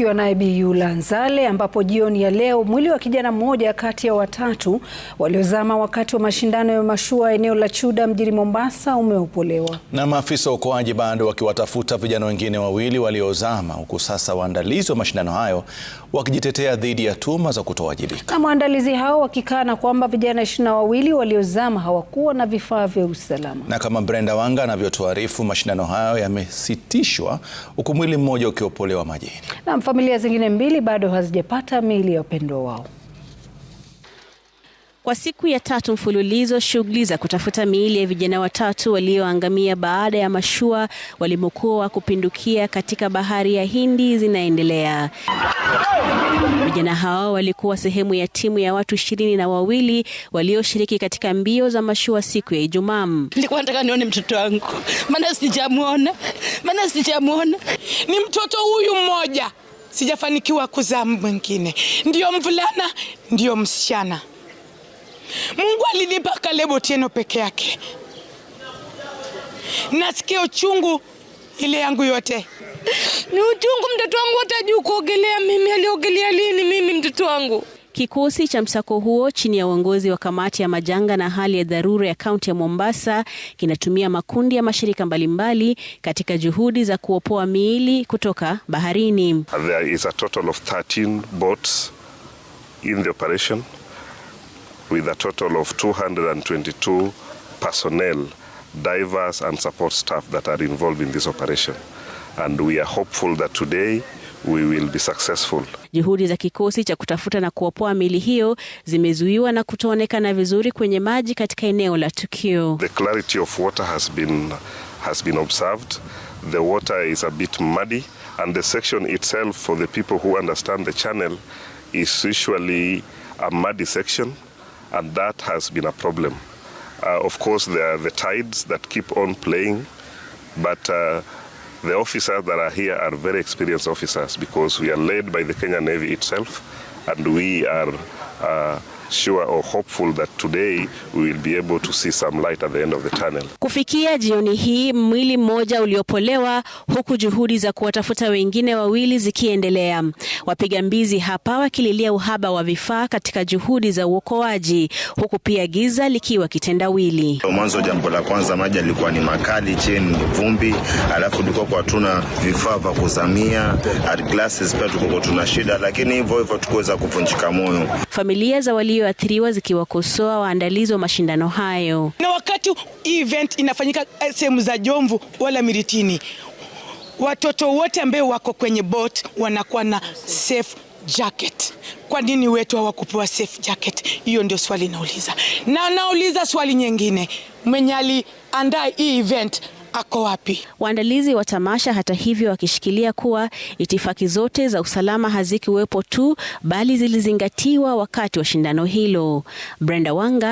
Tukiwa naye Bi Yula Nzale, ambapo jioni ya leo mwili wa kijana mmoja kati ya watatu waliozama wakati wa mashindano ya mashua eneo la Chuda mjini Mombasa umeopolewa. Na maafisa wa uokoaji bado wakiwatafuta vijana wengine wawili waliozama, huku sasa waandalizi wa mashindano hayo wakijitetea dhidi ya tuhuma za kutowajibika. Na waandalizi hao wakikana kwamba vijana ishirini na wawili waliozama hawakuwa na vifaa vya usalama. Na kama Brenda Wanga anavyotuarifu, mashindano hayo yamesitishwa huku mwili mmoja ukiopolewa majini. Familia zingine mbili bado hazijapata miili ya wapendwa wao. Kwa siku ya tatu mfululizo, shughuli za kutafuta miili ya vijana watatu walioangamia baada ya mashua walimokuwa kupindukia katika bahari ya Hindi zinaendelea. Vijana hao walikuwa sehemu ya timu ya watu ishirini na wawili walioshiriki katika mbio za mashua siku ya Ijumaa. Nilikuwa nataka nione mtoto wangu, maana sijamuona, maana sijamuona. Ni mtoto huyu mmoja sijafanikiwa kuzaa mwingine, ndiyo mvulana, ndiyo msichana. Mungu alinipa Kalebo Otieno peke yake. Nasikia uchungu ile yangu yote ni uchungu. Mtoto wangu hata juu kuogelea, mimi aliogelea lini? Mimi mtoto wangu Kikosi cha msako huo chini ya uongozi wa kamati ya majanga na hali ya dharura ya kaunti ya Mombasa kinatumia makundi ya mashirika mbalimbali mbali katika juhudi za kuopoa miili kutoka baharini. There is a total of 13 boats in the operation with a total of 222 personnel, divers and support staff that are involved in this operation and we are hopeful that today we will be successful. Juhudi za kikosi cha kutafuta na kuopoa mili hiyo zimezuiwa na kutoonekana vizuri kwenye maji katika eneo la tukio. The clarity of water has been, has been observed. The water is a bit muddy and the section itself for the people who understand the channel is usually a muddy section and that has been a problem. Uh, of course there are the tides that keep on playing but uh, The officers that are here are very experienced officers because we are led by the Kenya Navy itself and we are. Uh, sure or hopeful that today we will be able to see some light at the end of the tunnel. Kufikia jioni hii mwili mmoja uliopolewa huku juhudi za kuwatafuta wengine wawili zikiendelea. Wapiga mbizi hapa wakililia uhaba wa vifaa katika juhudi za uokoaji huku pia giza likiwa kitendawili. Mwanzo, jambo la kwanza, maji alikuwa ni makali, chini ni vumbi, alafu tulikuwa hatuna vifaa vya kuzamia, at glasses pia tulikuwa tuna shida, lakini hivyo hivyo tukuweza kuvunjika moyo. Familia za walio walioathiriwa zikiwakosoa waandalizi wa mashindano hayo. Na wakati event inafanyika eh, sehemu za Jomvu wala Miritini, watoto wote ambao wako kwenye boat wanakuwa na safe jacket. Kwa nini wetu hawakupewa safe jacket? Hiyo ndio swali nauliza, na nauliza swali nyingine, mwenye aliandaa hii event ako wapi? Waandalizi wa tamasha hata hivyo wakishikilia kuwa itifaki zote za usalama hazikuwepo tu bali zilizingatiwa wakati wa shindano hilo. Brenda Wanga